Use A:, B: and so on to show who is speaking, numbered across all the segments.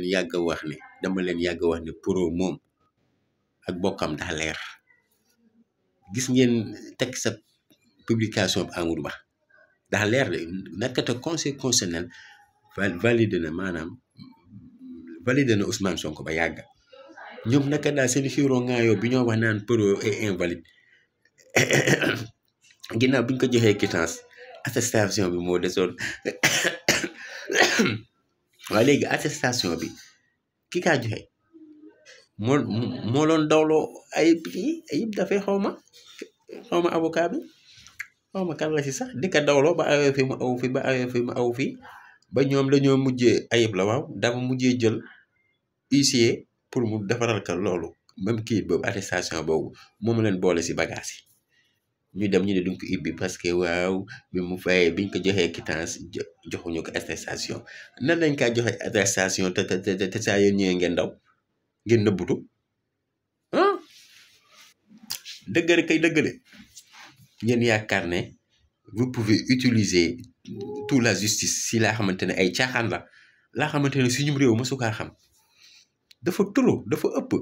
A: leen yàgg a wax ne dama leen yàgg wax ne Pro moom ak bokkam daa leer gis ngeen tek sa publication bi Amadou Ba daa leer de nekkate conseil constitutionnel valide na maanaam valide na Ousmane Sonko ba yàgg ñoom naka daal seen xiiroo ngaayoo bi ñoo wax naan Pro est invalide ginnaaw bi ñu ko joxee quittance attestation bi moo desoon waa léegi attestation bi ki ka joxe moo moo doon dawloo ayib yi ayib dafay xaw ma xaw ma avocat bi xaw ma la si sax di ko dawloo ba awee fi mu aw ba awee fi aw fi ba ñoom dañoo mujjee ayib la waaw dafa mujjee jël huissier pour mu defaral ka loolu même kii boobu attestation boobu moom leen boole si bagage ñu dem ñu ne duñ ko ibbi parce que waaw bi mu fayee biñ ko joxee quittance joxuñu ko attestation nan lañ kaa joxe attestation te te te saa yéen ñëwee ngeen daw ngeen nëbbutu ah dëgg kay dëggale ngeen yaakaar ne vous pouvez utiliser tout la justice si laa xamante ne ay caaxaan la laa xamante ne suñu réew mësu ka xam. dafa trop dafa ëpp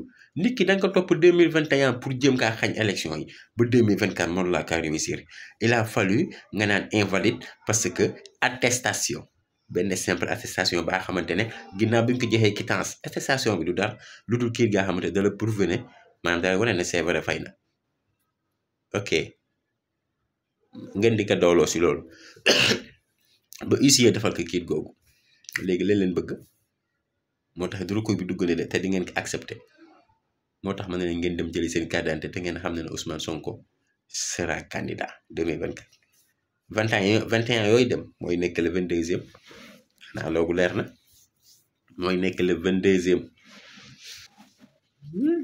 A: nit ki da ko topp deux mille vingt et un pour jëm kaa xañ élection yi ba deux mille vingt quatre mënu laa kaa réussir il a fallu nga naan invalide parce que attestation benn simple attestation baa xamante ne ginnaaw bi ñu ko joxee quittance attestation bi du dara lu dul kiir gaa xamante ne dala prouver ne maanaam dala wane ne c'est fay na ok ngeen di ko dooloo si loolu ba huissier defal ko kiit googu léegi leen leen bëgg moo tax du recours bi dugg na de te di ngeen ko accepté moo tax ma ne ngeen dem jëli seen carte d'identité te ngeen xam ne ne Ousmane Sonko sera candidat 2024. 21 21 yooy dem mooy nekk le 22e xanaa loogu leer na mooy nekk le 22e hmm,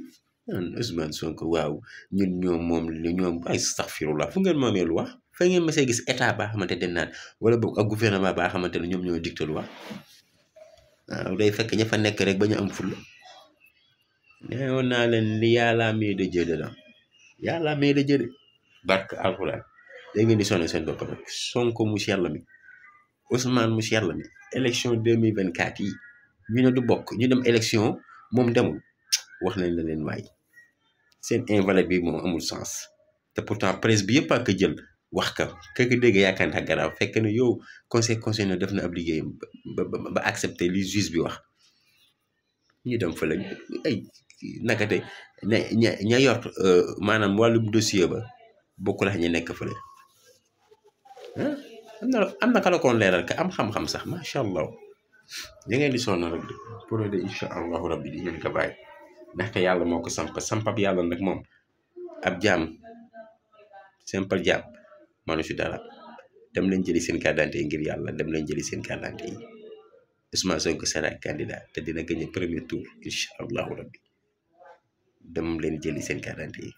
A: Ousmane Sonko waaw ñun ñoom moom li ñoom ay astaghfirullah fu ngeen moomee lu wax fa ngeen mësee gis état baa xamante den naan wala boog ak gouvernement baa xamante ne ñoom ñoo dicté lu waaw day fekk ña nekk rek ba ñu am ful neewoon naa leen li yàlla mieux de Dieu de la yàlla mieux de Dieu de barke alxuraan da di sonn seen bopp rek Sonko mu yàlla mi Ousmane mu yàlla mi élection mille vingt quatre yi ñu ne du bokk ñu dem élection moom demul wax nañ la leen waay seen invalide bi moom amul sens te pourtant presse bi yëpp a jël. wax ka ka ko dégg yaakaar naa gannaaw fekk na yow conseil conseil na def na ab liggéeyam ba ba accepté li bi wax ñu dem fa la ay naka te ña ña ña yor euh, maanaam wàllum dossier ba bokkul ak ñi nekk fële ah am na ka la leeral ka am xam-xam sax macha allah li ngeen di sonn rek de pour de incha allahu rabbi di ngeen ko bàyyi ndax ka yàlla moo ko samp sampab yàlla nag moom ab jaam simple jaam. manu si dara dem leen jëli seen carte d'identité yi ngir yàlla dem leen jëli seen carte d'identité yi Ousmane te dina gagné premier tour incha allahu rabbi dem leen jëli seen carte yi